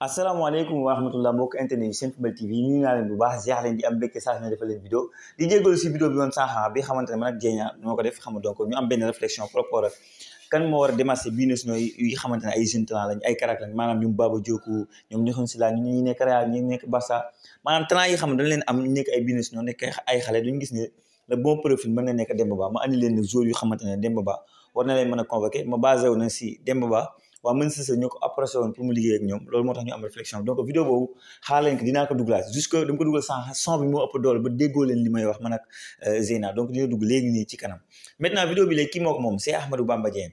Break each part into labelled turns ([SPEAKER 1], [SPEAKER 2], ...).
[SPEAKER 1] asalaamaaleykum wa rahmatullah mbokk internet yi Senfootball TV nuyu naa leen bu baax ziar leen di am mbégte saa su ne defal leen vidéo di jégalu si vidéo bi woon sànq bi xamante ne man a démarché bii nationaux yi xamante ne ay jeunes talent ñu xam ne gis ne le bon profil mën na nekk Demba Ba ma andi leen ne joueurs yu xamante ne Ba war na leen mën a convoqué ma basé wu na si Demba Ba waa mën sise ñoo ko approché woon pour mu liggéey ak ñoom loolu moo tax ñu am réflexion donc vidéo boobu xaar leen ko dinaa ko jusque dama ko dugal sans son bi moo ëpp doole ba déggoo leen li may wax man ak euh, Zeyna donc dina dugg léegi nii ci kanam maintenant vidéo bi léegi kii moo ko moom c'est Ahmadou Bamba Dieng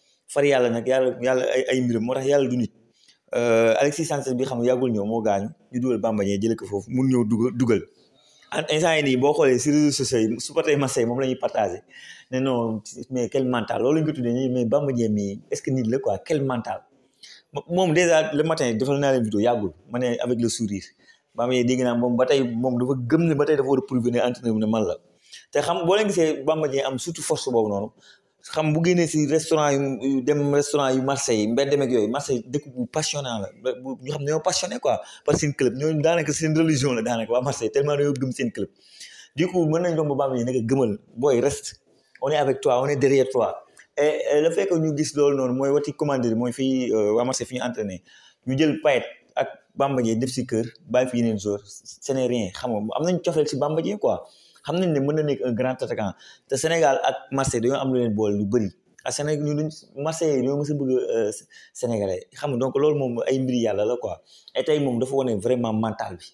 [SPEAKER 1] far yàlla nag yàlla yàlla ay ay mbiram moo tax yàlla du nit euh, Alexis Sanchez bi xam nga yàggul ñëw moo gaañu ñu dugal Bamba Dieng ko foofu mun ñëw dugal dugal instant yii nii boo xoolee si réseaux sociaux yi supporter moom la ñuy partagé ne non mais quel mental loolu la ñu ko tuddee mais Bamba Dieng mii est-ce que nit la quoi quel mental moom déjà le matin yàggul ma ne avec le sourire Bamba Dieng moom ba tey moom dafa gëm ne ba tey dafa war a prouver ne entraîneur ne man la te xam boo leen gisee Bamba Dieng am surtout force boobu noonu. xam bu génnee si restaurant yu dem restaurant yu Marseille mbedd ak yooyu Marseille dëkk bu passionné la ñu xam ne ñoo passionné quoi par seen club ñooñu daanaka seen religion la daanaka waa Marseille tellement dañoo gëm seen club du coup mën nañ romb baam yi nekk gëmal booy reste on est avec toi on est derrière toi et le fait que ñu gis loolu noonu mooy wati commander mooy fii euh, waa Marseille fi ñu entraîné ñu jël Payet ak Bamba def si kër bàyyi fi yeneen joueurs ce n'est rien xam nga am nañ cofeel si Bamba quoi xam nañ ne mën na nekk un grand attaquant te Sénégal ak Marseille dañoo am lu leen boole lu bëri ak Sénégal ñu duñ euh, loolu moom ay mbiri la la quoi et tey moom dafa wane vraiment mental bi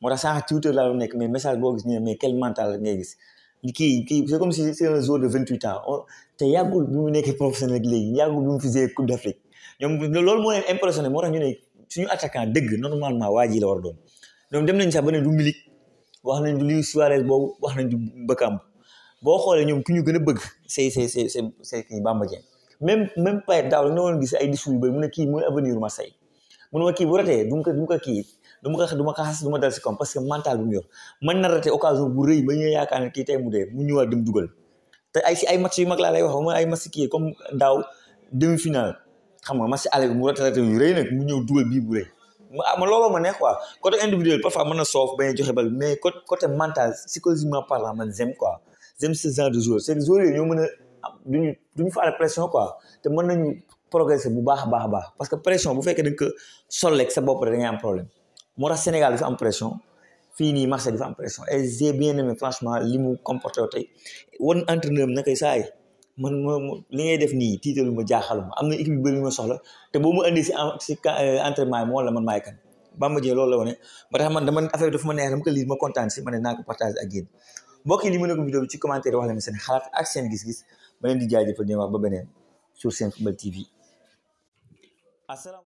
[SPEAKER 1] moo tax sànq Twitter laa nekk mais message boo gis ñu mais quel mental la ngay gis kii kii c'est comme si c'est un joueur de vingt huit ans te yàggul bi mu nekkee professionnel ak léegi yàggul bi mu fisee Coupe d'Afrique ñoom loolu moo leen impressionné moo a ñu ne suñu attaquant dëgg normalement waa la war doon ñoom dem nañ sax ba du Milik wax nañ Luis Suarez boobu wax nañ Mbakamba boo xoolee ñoom ku ñu gën a bëgg c'est c'est c'est c'est kii Bamba Dieng même même Payet daaw la nga woon gis ay discours yu kii mooy avenir Marseille mu ne ma kii bu ratee du ma ko du ma ko kii du ma ko du ma parce que mental bi mu yor mën na rate occasion bu rëy ba ne kii tey mu dee mu ñëwaat dem dugal te ay si ay match yu mag laa ay wax ma ay match kii comme daaw demi-finale xam nga match aller bi mu rate rate yu rëy nag mu ñëw dugal bii bu rëy ma looloo ma neex quoi côté individuel parfois mën na soof bañ a joxe bal mais côté mental psychologiquement parlant man j'aime quoi j'aime ce genre de joueur c'est que yooyu ñoo mën a duñu duñu faale pression quoi te mën nañu progresser bu baax a baax a baax parce que pression bu fekkee da nga ko solleeg sa bopp rek ngay am problème moo tax Sénégal dafa am pression fii nii Marseille dafa am pression et j'ai bien aimé franchement li mu comporté tey wan entraîneur bi na koy saay man ma li ngay def nii tiitalu ma jaaxalu ma am na équipe yu bëri ma soxla te boo ma indi si si euh, entraînement yi moo la man maay kan Bamba Dieng loolu la wane ba tax man dama affaire bi dafa ma neex dama ko lii ma kontaan si ma ne naa ko partage ak yéen mbokk yi li mu nekk vidéo bi ci commentaire wax leen seen xalaat ak seen gis-gis ma leen di jaajëfal di wax ba beneen sur Senfootball TV.